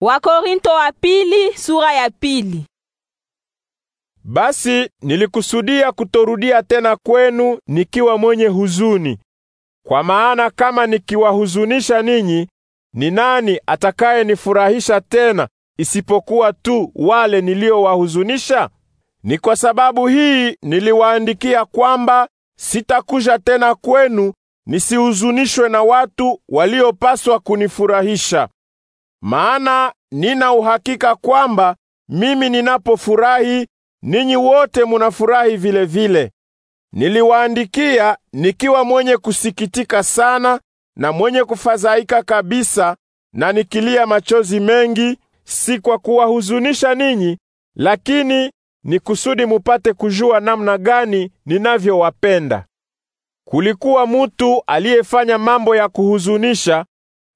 Wakorinto wa pili, sura ya pili. Basi nilikusudia kutorudia tena kwenu nikiwa mwenye huzuni. Kwa maana kama nikiwahuzunisha ninyi, ni nani atakayenifurahisha tena isipokuwa tu wale niliowahuzunisha? Ni kwa sababu hii niliwaandikia kwamba sitakuja tena kwenu nisihuzunishwe na watu waliopaswa kunifurahisha. Maana nina uhakika kwamba mimi ninapofurahi, ninyi wote munafurahi vile vile. Niliwaandikia nikiwa mwenye kusikitika sana na mwenye kufadhaika kabisa na nikilia machozi mengi, si kwa kuwahuzunisha ninyi, lakini ni kusudi mupate kujua namna gani ninavyowapenda. Kulikuwa mutu aliyefanya mambo ya kuhuzunisha,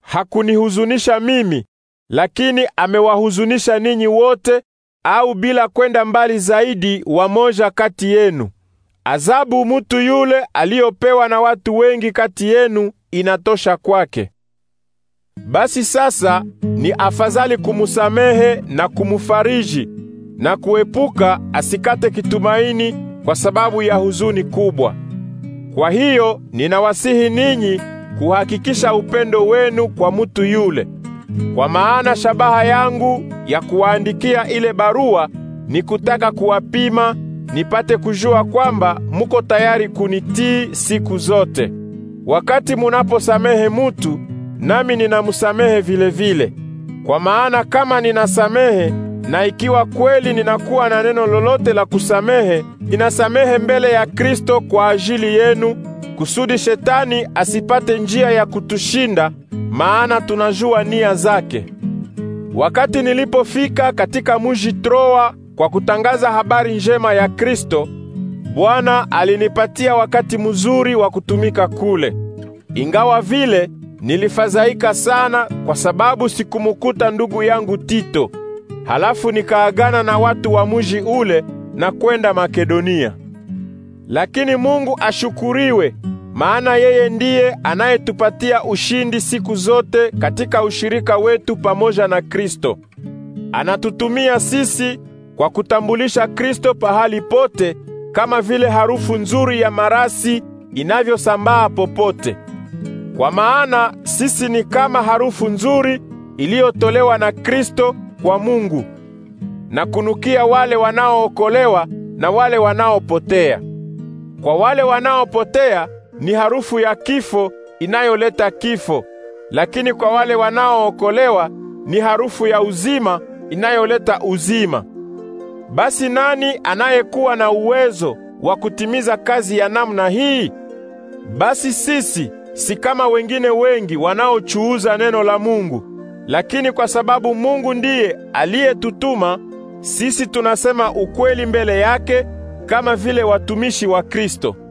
hakunihuzunisha mimi lakini amewahuzunisha ninyi wote, au bila kwenda mbali zaidi, wamoja kati yenu. Azabu mutu yule aliyopewa na watu wengi kati yenu inatosha kwake. Basi sasa ni afadhali kumusamehe na kumufariji na kuepuka asikate kitumaini kwa sababu ya huzuni kubwa. Kwa hiyo ninawasihi ninyi kuhakikisha upendo wenu kwa mutu yule. Kwa maana shabaha yangu ya kuwaandikia ile barua ni kutaka kuwapima, nipate kujua kwamba muko tayari kunitii siku zote. Wakati munaposamehe mutu, nami ninamsamehe vile vile. Kwa maana kama ninasamehe na ikiwa kweli ninakuwa na neno lolote la kusamehe, ninasamehe mbele ya Kristo kwa ajili yenu kusudi shetani asipate njia ya kutushinda, maana tunajua nia zake. Wakati nilipofika katika mji Troa kwa kutangaza habari njema ya Kristo, Bwana alinipatia wakati mzuri wa kutumika kule. Ingawa vile nilifadhaika sana kwa sababu sikumukuta ndugu yangu Tito. Halafu nikaagana na watu wa mji ule na kwenda Makedonia. Lakini Mungu ashukuriwe maana yeye ndiye anayetupatia ushindi siku zote katika ushirika wetu pamoja na Kristo. Anatutumia sisi kwa kutambulisha Kristo pahali pote, kama vile harufu nzuri ya marasi inavyosambaa popote. Kwa maana sisi ni kama harufu nzuri iliyotolewa na Kristo kwa Mungu na kunukia wale wanaookolewa na wale wanaopotea. Kwa wale wanaopotea ni harufu ya kifo inayoleta kifo, lakini kwa wale wanaookolewa ni harufu ya uzima inayoleta uzima. Basi nani anayekuwa na uwezo wa kutimiza kazi ya namna hii? Basi sisi si kama wengine wengi wanaochuuza neno la Mungu, lakini kwa sababu Mungu ndiye aliyetutuma, sisi tunasema ukweli mbele yake kama vile watumishi wa Kristo.